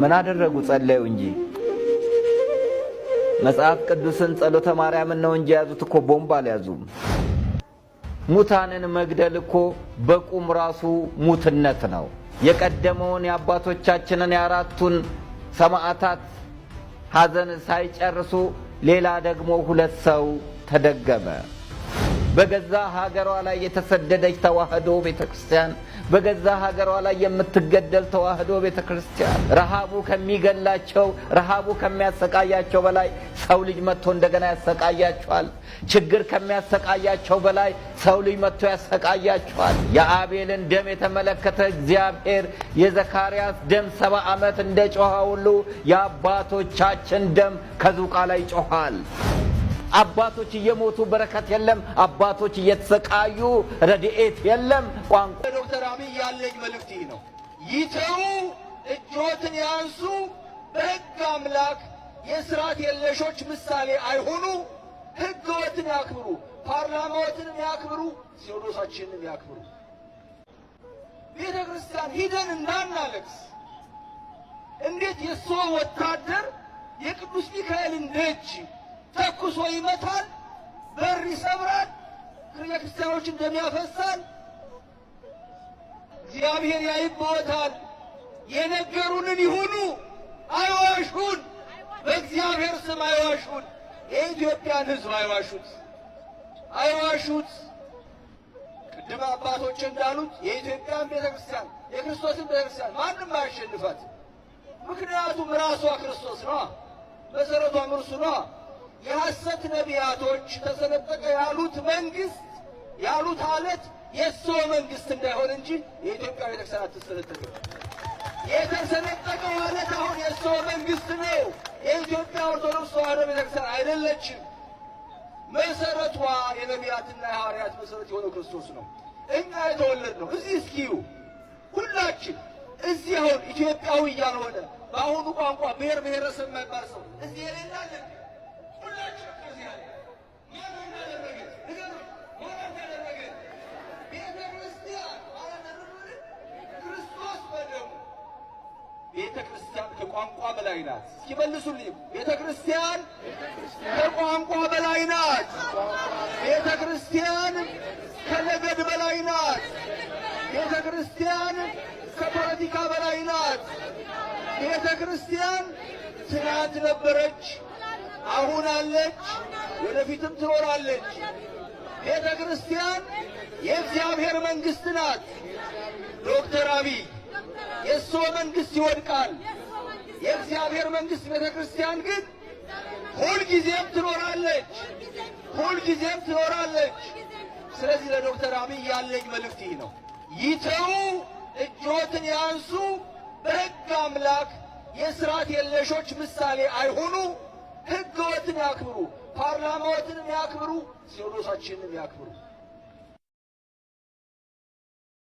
ምን አደረጉ? ጸለዩ እንጂ መጽሐፍ ቅዱስን ጸሎተ ማርያምን ነው እንጂ የያዙት እኮ ቦምብ አልያዙም። ሙታንን መግደል እኮ በቁም ራሱ ሙትነት ነው። የቀደመውን የአባቶቻችንን የአራቱን ሰማዕታት ሐዘን ሳይጨርሱ ሌላ ደግሞ ሁለት ሰው ተደገመ። በገዛ ሀገሯ ላይ የተሰደደች ተዋህዶ ቤተ ክርስቲያን፣ በገዛ ሀገሯ ላይ የምትገደል ተዋህዶ ቤተ ክርስቲያን ረሃቡ ከሚገላቸው ረሃቡ ከሚያሰቃያቸው በላይ ሰው ልጅ መጥቶ እንደገና ያሰቃያቸዋል። ችግር ከሚያሰቃያቸው በላይ ሰው ልጅ መጥቶ ያሰቃያቸዋል። የአቤልን ደም የተመለከተ እግዚአብሔር የዘካርያስ ደም ሰባ ዓመት እንደ ጮኸ ሁሉ የአባቶቻችን ደም ከዙቃ ላይ ጮኋል። አባቶች እየሞቱ በረከት የለም። አባቶች እየተሰቃዩ ረድኤት የለም። ቋንቋ ዶክተር አብይ ያለኝ መልእክት ይህ ነው። ይተዉ፣ እጆትን ያንሱ፣ በሕግ አምላክ የስርዓት የለሾች ምሳሌ አይሆኑ። ህገወትን ያክብሩ፣ ፓርላማዎትንም ያክብሩ፣ ሲኖዶሳችንንም ያክብሩ። ቤተ ክርስቲያን ሂደን እንዳናለቅስ እንዴት የእሱ ወታደር የቅዱስ ሚካኤልን ደጅ ተኩሶ ይመታል፣ በር ይሰብራል፣ ቤተ ክርስቲያኖች እንደሚያፈሳል እግዚአብሔር ያይቦታል። የነገሩንን ይሁኑ፣ አይዋሹን። በእግዚአብሔር ስም አይዋሹን። የኢትዮጵያን ሕዝብ አይዋሹት፣ አይዋሹት። ቅድም አባቶች እንዳሉት የኢትዮጵያን ቤተ ክርስቲያን የክርስቶስን ቤተ ክርስቲያን ማንም አያሸንፋት። ምክንያቱም ራሷ ክርስቶስ ነዋ፣ መሰረቷም እርሱ ነዋ። የሐሰት ነቢያቶች ተሰነጠቀ ያሉት መንግስት ያሉት አለት የእሶ መንግስት እንዳይሆን እንጂ የኢትዮጵያ ቤተክርስቲያን አትሰነጠቅ። የተሰነጠቀው አለት አሁን የእሶ መንግስት ነው። የኢትዮጵያ ኦርቶዶክስ ተዋሕዶ ቤተክርስቲያን አይደለችም። መሰረቷ የነቢያትና የሐዋርያት መሰረት የሆነው ክርስቶስ ነው። እኛ የተወለድ ነው። እዚህ እስኪዩ ሁላችን እዚህ አሁን ኢትዮጵያዊ እያልሆነ በአሁኑ ቋንቋ ብሔር ብሔረሰብ የማይባል ሰው እዚህ የሌላለን ሁላችንም ከቋንቋ በላይ ናት። እስኪመልሱልኝ ቤተ ክርስቲያን ከቋንቋ በላይ ናት። ቤተ ክርስቲያን ከነገድ በላይ ናት። ቤተ ክርስቲያን ከፖለቲካ በላይ ናት። ቤተ ክርስቲያን ትናንት ነበረች አሁን አለች፣ ወደፊትም ትኖራለች። ቤተ ክርስቲያን የእግዚአብሔር መንግሥት ናት። ዶክተር አብይ የእሶ መንግሥት ይወድቃል። የእግዚአብሔር መንግሥት ቤተ ክርስቲያን ግን ሁልጊዜም ትኖራለች፣ ሁልጊዜም ትኖራለች። ስለዚህ ለዶክተር አብይ ያለኝ መልእክት ይህ ነው። ይተው፣ እጆትን ያንሱ፣ በሕግ አምላክ የሥርዓት የለሾች ምሳሌ አይሆኑ? ህገወጥን ያክብሩ፣ ፓርላማዎትንም ያክብሩ፣ ሲኖዶሳችንንም ያክብሩ።